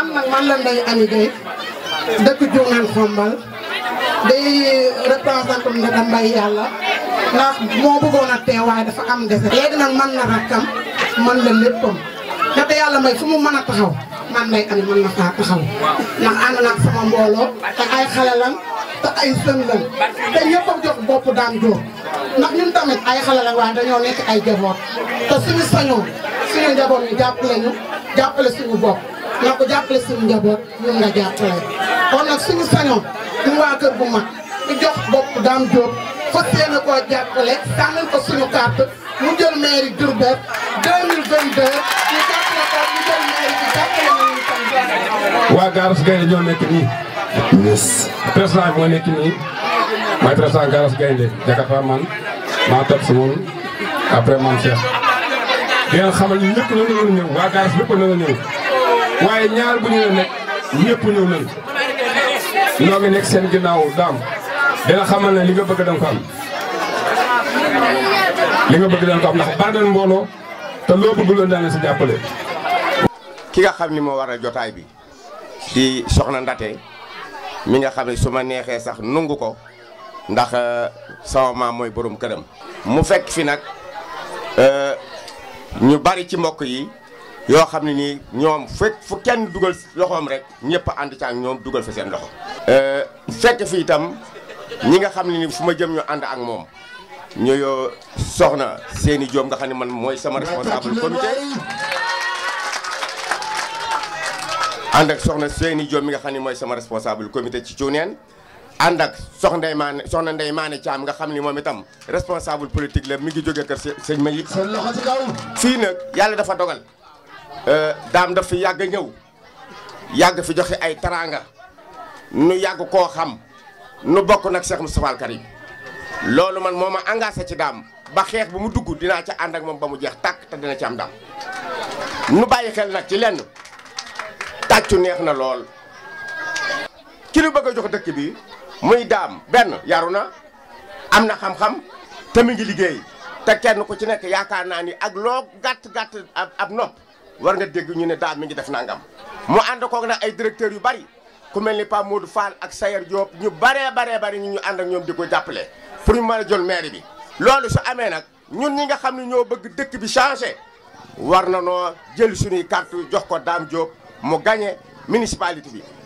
am na man la Ndeye Amy Gueye dëkk Diougnane Xombal di représentant Ndada Mbaye Yàlla ndax moo bëggoon a teewaay dafa am dese léegi nag man na rakkam man la léppam ndaxte yàlla may fu mu mën a taxaw man Ndeye Amy mën na faa taxaw ndax ànd naag sama mbooloo te ay xale lan te ay sën lan te ñëpp a bopp daan jóor ndax ñun tamit ay xale waaye dañoo nekk ay jaboot te suñu sañoon suñu njaboot ñu jàppale ñu jàppale suñu bopp na ko jàppale suñu njaboot ñun nga jàppale kon nag suñu sañoon suñu waa kër bu mag ñu jox bopp Dame Diop fas yéene koo jàppale sànnil ko suñu carte mu jël mairie Diourbel 2022 ñu jàppale ko mu jël mairie bi jàppale na ñu tam Gaynde ñoo nekk nii président moo nekk nii mooy président Garaas Gaynde Jakarta man maa topp si moom après man Cheikh di ngeen xamal ñu ñëpp na nga ñëw waa Garaas lépp na nga ñëw waaye ñaar bu ñëwee nag ñëpp ñëw nañ ñoo ngi nekk seen ginnaaw daam dina xamal ne li nga bëgg da ko am li nga bëgg ndax bari na mbooloo te loo bëgg loolu daan na si jàppale. ki nga xam ni moo waral jotaay bi di soxna Ndate mi nga xam ne su ma neexee sax nungu ko ndax euh, sama maam mooy borom këram. mu fekk fi nag euh, ñu bari ci mbokk yi. yoo xam ne nii ñoom fekk fu kenn dugal loxoom rek ñëpp ànd ci ak ñoom dugal fa seen loxo. Euh, fekk fi itam ñi nga xam ni nii fu ma jëm ñu ànd ak moom ñooy soxna seeni joom nga xam ne man mooy sama responsable comité. ànd ak soxna seeni joom mi nga xam ne mooy sama responsable comité ci Cuuneen ànd ak soxna ndey Maane soxna Ndeye Maane Thiam nga xam ni moom itam responsable politique la mi ngi jóge kër sëñ ma yi. seen loxo ci kaw. fii nag yàlla dafa dogal. Euh, daam daf fi yàgg ñëw yàgg fi joxe ay taraanga nu yàgg koo xam nu bokk nag Cheikh Moustapha Al loolu man moo ma engagé ci daam ba xeex bu mu dugg dinaa ci ànd ak moom ba mu jeex tàkk te dina ci am daam nu bàyyi xel na ci lenn tàccu neex na lool ki nu bëgg a jox dëkk bi muy daam benn yaru na am na xam-xam te mi ngi liggéey te kenn ku ci nekk yaakaar naa ni ak loo gàtt gàtt ab ab nopp war nga dégg ñu ne daal mi ngi def nangam mu ànd koog nag ay directeurs yu bari ku mel ni Pape Modou Fall ak Sayer Diop ñu baree baree bari ñu ñu ànd ak ñoom di ko jàppale pour ñu mën a jël maire bi. loolu su amee nag ñun ñi nga xam ne ñoo bëgg dëkk bi changé war na noo jël suñuy carte jox ko Dame jóob mu gagné municipalité bi.